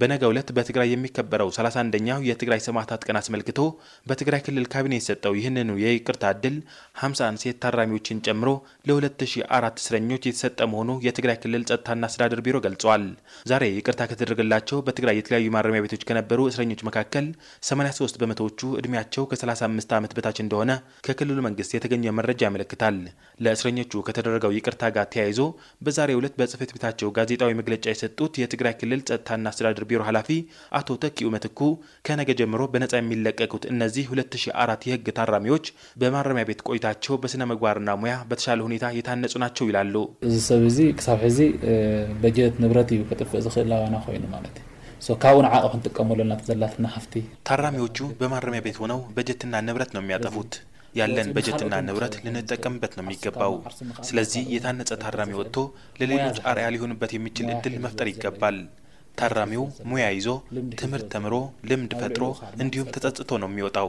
በነገ ዕለት በትግራይ የሚከበረው 31ኛው የትግራይ ሰማዕታት ቀን አስመልክቶ በትግራይ ክልል ካቢኔ የሰጠው ይህንኑ የይቅርታ ዕድል 51 ሴት ታራሚዎችን ጨምሮ ለ2004 እስረኞች የተሰጠ መሆኑ የትግራይ ክልል ጸጥታና አስተዳደር ቢሮ ገልጿል። ዛሬ ይቅርታ ከተደረገላቸው በትግራይ የተለያዩ ማረሚያ ቤቶች ከነበሩ እስረኞች መካከል 83 በመቶዎቹ እድሜያቸው ከ35 ዓመት በታች እንደሆነ ከክልሉ መንግስት የተገኘ መረጃ ያመለክታል። ለእስረኞቹ ከተደረገው ይቅርታ ጋር ተያይዞ በዛሬ ዕለት በጽህፈት ቤታቸው ጋዜጣዊ መግለጫ የሰጡት የትግራይ ክልል ጸጥታና አስተዳደር ቢሮ ኃላፊ አቶ ተኪኡ መትኩ ከነገ ጀምሮ በነጻ የሚለቀቁት እነዚህ 2004 የህግ ታራሚዎች በማረሚያ ቤት ቆይታቸው በስነ ምግባርና ሙያ በተሻለ ሁኔታ የታነጹ ናቸው ይላሉ። እዚ ሰብ እዚ ክሳብ ሕዚ በጀት ንብረት እዩ ከጥፍእ ዝኽእል ኣዋና ኮይኑ ማለት እዩ ካብኡን ዓቐ ክንጥቀመሉ ዘላትና ሃፍቲ ታራሚዎቹ በማረሚያ ቤት ሆነው በጀትና ንብረት ነው የሚያጠፉት ያለን በጀትና ንብረት ልንጠቀምበት ነው የሚገባው። ስለዚህ የታነጸ ታራሚ ወጥቶ ለሌሎች አርያ ሊሆንበት የሚችል እድል መፍጠር ይገባል። ታራሚው ሙያ ይዞ ትምህርት ተምሮ ልምድ ፈጥሮ እንዲሁም ተጸጽቶ ነው የሚወጣው።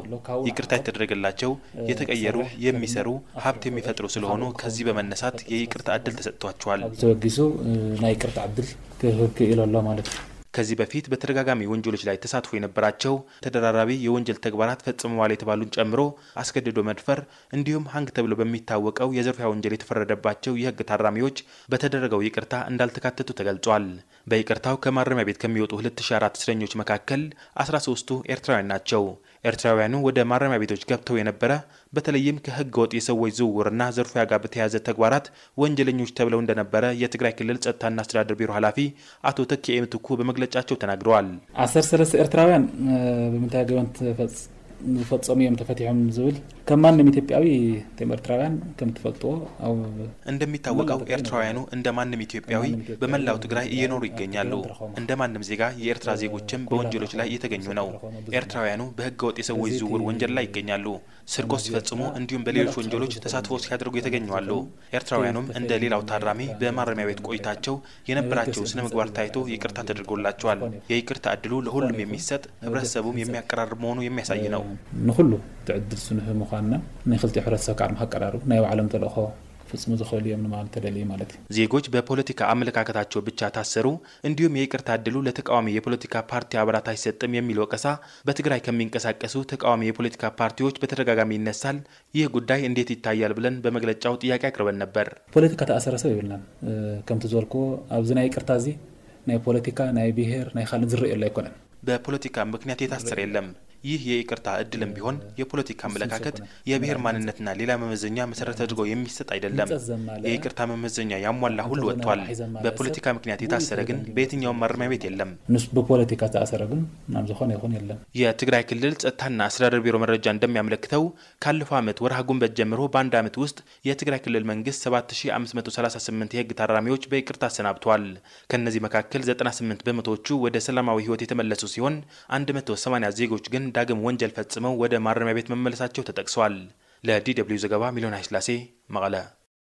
ይቅርታ የተደረገላቸው የተቀየሩ፣ የሚሰሩ፣ ሀብት የሚፈጥሩ ስለሆኑ ከዚህ በመነሳት የይቅርታ እድል ተሰጥቷቸዋል። ተበጊሱ ናይ ይቅርታ ዕድል ክህክ ኢለሎ ማለት ነው። ከዚህ በፊት በተደጋጋሚ ወንጀሎች ላይ ተሳትፎ የነበራቸው ተደራራቢ የወንጀል ተግባራት ፈጽመዋል የተባሉን ጨምሮ አስገድዶ መድፈር እንዲሁም ሀንግ ተብሎ በሚታወቀው የዘርፊያ ወንጀል የተፈረደባቸው የህግ ታራሚዎች በተደረገው ይቅርታ እንዳልተካተቱ ተገልጿል። በይቅርታው ከማረሚያ ቤት ከሚወጡ 204 እስረኞች መካከል 13ቱ ኤርትራውያን ናቸው። ኤርትራውያኑ ወደ ማረሚያ ቤቶች ገብተው የነበረ በተለይም ከህገ ወጥ የሰዎች ዝውውርና ዘርፉ ጋር በተያያዘ ተግባራት ወንጀለኞች ተብለው እንደነበረ የትግራይ ክልል ጸጥታና አስተዳደር ቢሮ ኃላፊ አቶ ተኪኤ ምትኩ በመግለጫቸው ተናግረዋል። አስር ሰለስተ ኤርትራውያን ብምንታይ ገበን ፈጸሙ እዮም ተፈቲሖም ዝብል ከማንም ኢትዮጵያዊ ኤርትራውያን ከምትፈልጦ እንደሚታወቀው ኤርትራውያኑ እንደ ማንም ኢትዮጵያዊ በመላው ትግራይ እየኖሩ ይገኛሉ። እንደ ማንም ዜጋ የኤርትራ ዜጎችም በወንጀሎች ላይ እየተገኙ ነው። ኤርትራውያኑ በህገ ወጥ የሰዎች ዝውውር ወንጀል ላይ ይገኛሉ። ስርቆት ሲፈጽሙ፣ እንዲሁም በሌሎች ወንጀሎች ተሳትፎ ሲያደርጉ የተገኘዋሉ። ኤርትራውያኑም እንደ ሌላው ታራሚ በማረሚያ ቤት ቆይታቸው የነበራቸው ስነ ምግባር ታይቶ ይቅርታ ተደርጎላቸዋል። የይቅርታ እድሉ ለሁሉም የሚሰጥ ህብረተሰቡም የሚያቀራርብ መሆኑ የሚያሳይ ነው። ንኩሉ ትዕድል ስንህ ምኳ ኣና ናይ ክልቲኡ ሕብረተሰብ ከዓ ድማ ከቀራርቡ ናይ ባዕሎም ተልእኮ ፍፅሙ ዝኽእሉ እዮም ንማለት ተደልዩ ማለት እዩ ዜጎች በፖለቲካ ኣመለካከታቸው ብቻ ታሰሩ እንዲሁም የይቅርታ እድሉ ለተቃዋሚ የፖለቲካ ፓርቲ ኣባላት ኣይሰጥም የሚል ወቀሳ በትግራይ ከሚንቀሳቀሱ ተቃዋሚ የፖለቲካ ፓርቲዎች በተደጋጋሚ ይነሳል። ይህ ጉዳይ እንዴት ይታያል ብለን በመግለጫው ጥያቄ አቅርበን ነበር። ፖለቲካ ተኣሰረ ሰብ ይብልናን ከምቲ ዝበልክዎ ኣብዚ ናይ ይቅርታ እዚ ናይ ፖለቲካ ናይ ብሄር ናይ ካልእ ዝርአ ኣይኮነን። በፖለቲካ ምክንያት የታሰረ የለም ይህ የይቅርታ እድልም ቢሆን የፖለቲካ አመለካከት፣ የብሔር ማንነትና ሌላ መመዘኛ መሰረት አድርገው የሚሰጥ አይደለም። የይቅርታ መመዘኛ ያሟላ ሁሉ ወጥቷል። በፖለቲካ ምክንያት የታሰረ ግን በየትኛውም ማረሚያ ቤት የለም። በፖለቲካ ዝተኣሰረ ግን ናብ ዝኾነ የለም። የትግራይ ክልል ጸጥታና አስተዳደር ቢሮ መረጃ እንደሚያመለክተው ካለፈው ዓመት ወርሃ ጉንበት ጀምሮ በአንድ ዓመት ውስጥ የትግራይ ክልል መንግስት 7538 የህግ ታራሚዎች በይቅርታ አሰናብተዋል። ከእነዚህ መካከል 98 በመቶዎቹ ወደ ሰላማዊ ህይወት የተመለሱ ሲሆን 180 ዜጎች ግን ዳግም ወንጀል ፈጽመው ወደ ማረሚያ ቤት መመለሳቸው ተጠቅሰዋል። ለዲ ደብልዩ ዘገባ ሚሊዮን ኃይለሥላሴ መቀለ